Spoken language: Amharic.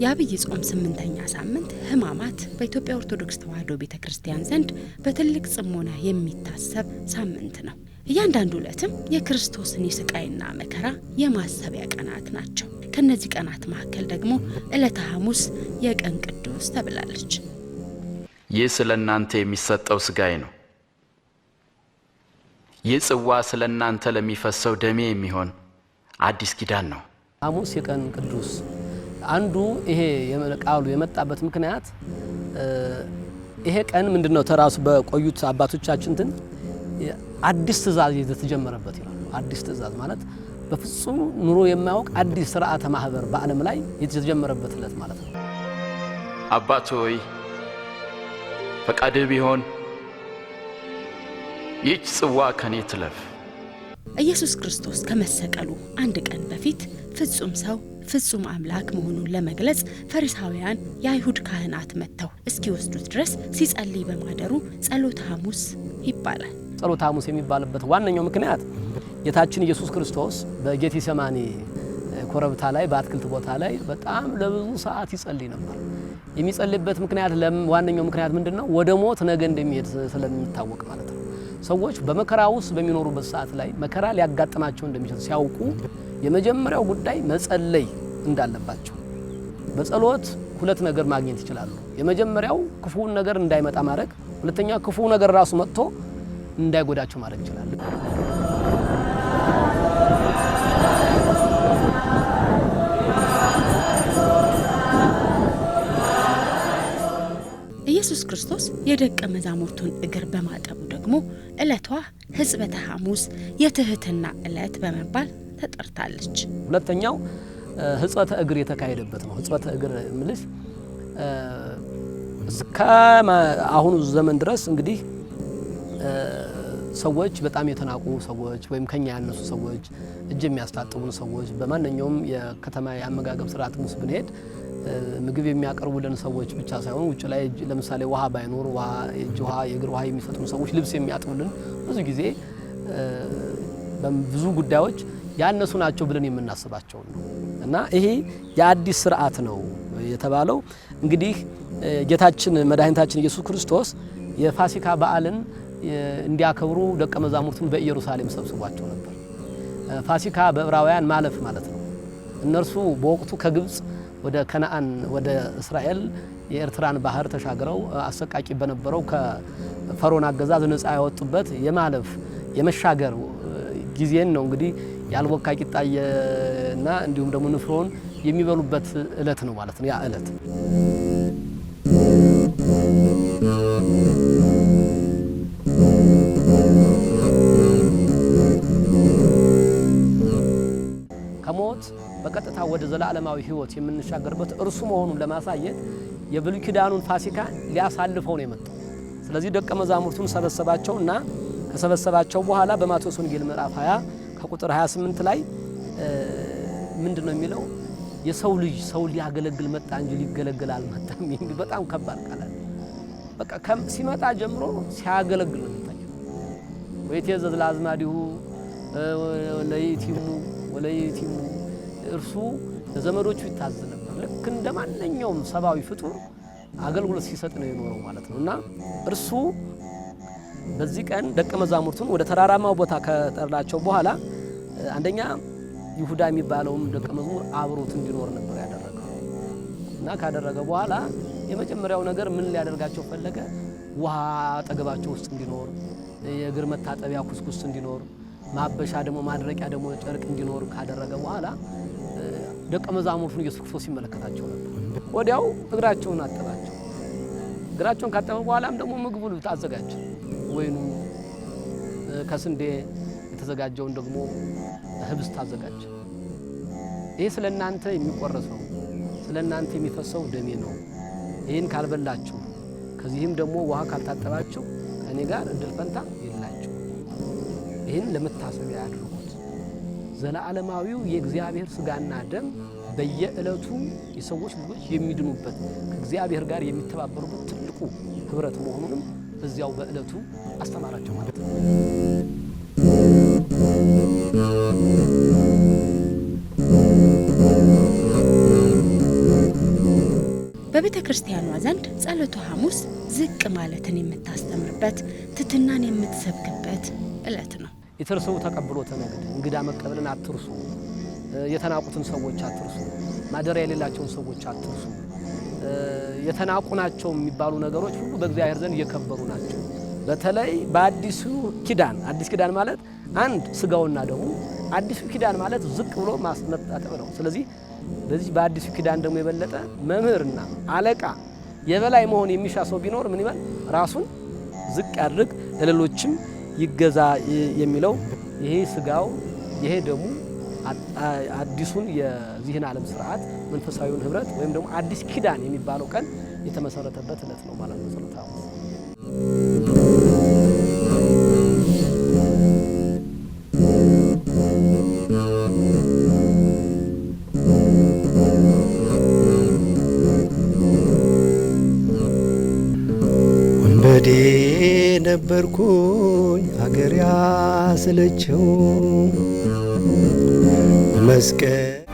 የአብይ ጾም ስምንተኛ ሳምንት ህማማት በኢትዮጵያ ኦርቶዶክስ ተዋሕዶ ቤተ ክርስቲያን ዘንድ በትልቅ ጽሞና የሚታሰብ ሳምንት ነው። እያንዳንዱ ዕለትም የክርስቶስን የስቃይና መከራ የማሰቢያ ቀናት ናቸው። ከነዚህ ቀናት መካከል ደግሞ ዕለተ ሐሙስ የቀን ቅዱስ ተብላለች። ይህ ስለ እናንተ የሚሰጠው ሥጋዬ ነው። ይህ ጽዋ ስለ እናንተ ለሚፈሰው ደሜ የሚሆን አዲስ ኪዳን ነው። ሐሙስ የቀን ቅዱስ አንዱ ይሄ ቃሉ የመጣበት ምክንያት ይሄ ቀን ምንድን ነው? ተራሱ በቆዩት አባቶቻችን እንትን አዲስ ትእዛዝ የተጀመረበት ይላሉ። አዲስ ትእዛዝ ማለት በፍጹም ኑሮ የማያውቅ አዲስ ስርዓተ ማህበር በዓለም ላይ የተጀመረበት ዕለት ማለት ነው። አባት ሆይ ፈቃድህ ቢሆን ይህች ጽዋ ከኔ ትለፍ። ኢየሱስ ክርስቶስ ከመሰቀሉ አንድ ቀን በፊት ፍጹም ሰው ፍጹም አምላክ መሆኑን ለመግለጽ ፈሪሳውያን የአይሁድ ካህናት መጥተው እስኪወስዱት ድረስ ሲጸልይ በማደሩ ጸሎተ ሐሙስ ይባላል። ጸሎተ ሐሙስ የሚባልበት ዋነኛው ምክንያት ጌታችን ኢየሱስ ክርስቶስ በጌቴሰማኒ ኮረብታ ላይ በአትክልት ቦታ ላይ በጣም ለብዙ ሰዓት ይጸልይ ነበር። የሚጸልይበት ምክንያት ዋነኛው ምክንያት ምንድን ነው? ወደ ሞት ነገ እንደሚሄድ ስለሚታወቅ ማለት ነው። ሰዎች በመከራ ውስጥ በሚኖሩበት ሰዓት ላይ መከራ ሊያጋጥማቸው እንደሚችል ሲያውቁ የመጀመሪያው ጉዳይ መጸለይ እንዳለባቸው በጸሎት ሁለት ነገር ማግኘት ይችላሉ። የመጀመሪያው ክፉውን ነገር እንዳይመጣ ማድረግ፣ ሁለተኛ ክፉ ነገር ራሱ መጥቶ እንዳይጎዳቸው ማድረግ ይችላል። ኢየሱስ ክርስቶስ የደቀ መዛሙርቱን እግር በማጠቡ ደግሞ ዕለቷ ሕጽበተ ሐሙስ የትህትና ዕለት በመባል ተጠርታለች። ሁለተኛው ሕጽበተ እግር የተካሄደበት ነው። ሕጽበተ እግር ምልሽ ከአሁኑ ዘመን ድረስ እንግዲህ ሰዎች በጣም የተናቁ ሰዎች ወይም ከኛ ያነሱ ሰዎች፣ እጅ የሚያስታጥቡን ሰዎች በማንኛውም የከተማ የአመጋገብ ስርዓት ውስጥ ብንሄድ ምግብ የሚያቀርቡልን ሰዎች ብቻ ሳይሆን ውጭ ላይ ለምሳሌ ውሃ ባይኖር ውሃ፣ የእጅ ውሃ፣ የእግር ውሃ የሚሰጡን ሰዎች፣ ልብስ የሚያጥቡልን ብዙ ጊዜ ብዙ ጉዳዮች ያነሱ ናቸው ብለን የምናስባቸው ነው እና ይሄ የአዲስ ስርዓት ነው የተባለው እንግዲህ ጌታችን መድኃኒታችን ኢየሱስ ክርስቶስ የፋሲካ በዓልን እንዲያከብሩ ደቀ መዛሙርቱን በኢየሩሳሌም ሰብስቧቸው ነበር። ፋሲካ በዕብራውያን ማለፍ ማለት ነው። እነርሱ በወቅቱ ከግብፅ ወደ ከነአን ወደ እስራኤል የኤርትራን ባህር ተሻግረው አሰቃቂ በነበረው ከፈሮን አገዛዝ ነፃ ያወጡበት የማለፍ የመሻገር ጊዜን ነው። እንግዲህ ያልቦካ ቂጣዬና እንዲሁም ደግሞ ንፍሮን የሚበሉበት እለት ነው ማለት ነው ያ እለት ዓለማዊ ህይወት የምንሻገርበት እርሱ መሆኑን ለማሳየት የብሉይ ኪዳኑን ፋሲካ ሊያሳልፈው ነው የመጣው። ስለዚህ ደቀ መዛሙርቱን ሰበሰባቸው እና ከሰበሰባቸው በኋላ በማቴዎስ ወንጌል ምዕራፍ 20 ከቁጥር 28 ላይ ምንድን ነው የሚለው? የሰው ልጅ ሰው ሊያገለግል መጣ እንጂ ሊገለግል አልመጣም። ይህ በጣም ከባድ ቃል አለ። በቃ ሲመጣ ጀምሮ ሲያገለግል ነው የሚታየው። ወይቴዘዝ ለአዝማዲሁ ለይእቲሙ ወለይእቲሙ እርሱ ለዘመዶቹ ይታዘ ነበር። ልክ እንደ ማንኛውም ሰብአዊ ፍጡር አገልግሎት ሲሰጥ ነው የኖረው ማለት ነው እና እርሱ በዚህ ቀን ደቀ መዛሙርቱን ወደ ተራራማው ቦታ ከጠራቸው በኋላ አንደኛ ይሁዳ የሚባለውም ደቀ መዝሙር አብሮት እንዲኖር ነበር ያደረገው እና ካደረገ በኋላ የመጀመሪያው ነገር ምን ሊያደርጋቸው ፈለገ? ውሃ አጠገባቸው ውስጥ እንዲኖር፣ የእግር መታጠቢያ ኩስኩስ እንዲኖር፣ ማበሻ ደግሞ ማድረቂያ ደግሞ ጨርቅ እንዲኖር ካደረገ በኋላ ደቀ መዛሙርቱን ኢየሱስ ክርስቶስ ሲመለከታቸው ነበር። ወዲያው እግራቸውን አጠባቸው። እግራቸውን ካጠበ በኋላም ደግሞ ምግብ ሁሉ አዘጋጀ። ወይኑ ከስንዴ የተዘጋጀውን ደግሞ ህብስ አዘጋጀ። ይህ ስለ እናንተ የሚቆረሰው ስለ እናንተ የሚፈሰው ደሜ ነው። ይህን ካልበላችሁ ከዚህም ደግሞ ውሃ ካልታጠባችሁ ከእኔ ጋር እድል ፈንታ የላችሁ። ይህን ለመታሰቢያ አድርጉ። ዘላለማዊው የእግዚአብሔር ስጋና ደም በየዕለቱ የሰዎች ልጆች የሚድኑበት ከእግዚአብሔር ጋር የሚተባበሩበት ትልቁ ህብረት መሆኑንም እዚያው በዕለቱ አስተማራቸው ማለት ነው። በቤተ ክርስቲያኗ ዘንድ ጸሎተ ሐሙስ ዝቅ ማለትን የምታስተምርበት፣ ትትናን የምትሰብክበት ዕለት ነው። የተርሰው ተቀብሎ ተነግድ እንግዳ መቀበልን አትርሱ። የተናቁትን ሰዎች አትርሱ። ማደሪያ የሌላቸውን ሰዎች አትርሱ። የተናቁ ናቸው የሚባሉ ነገሮች ሁሉ በእግዚአብሔር ዘንድ እየከበሩ ናቸው። በተለይ በአዲሱ ኪዳን አዲስ ኪዳን ማለት አንድ ስጋውና ደሙ፣ አዲሱ ኪዳን ማለት ዝቅ ብሎ ማስመጣጠብ ነው። ስለዚህ በዚህ በአዲሱ ኪዳን ደግሞ የበለጠ መምህርና አለቃ የበላይ መሆን የሚሻ ሰው ቢኖር ምን ይበል? ራሱን ዝቅ ያድርግ ለሌሎችም ይገዛ የሚለው ይሄ ስጋው ይሄ ደሙ አዲሱን የዚህን ዓለም ስርዓት መንፈሳዊውን ህብረት ወይም ደግሞ አዲስ ኪዳን የሚባለው ቀን የተመሰረተበት እለት ነው ማለት ነው። ነበርኩኝ አገር ያስለችው መስቀል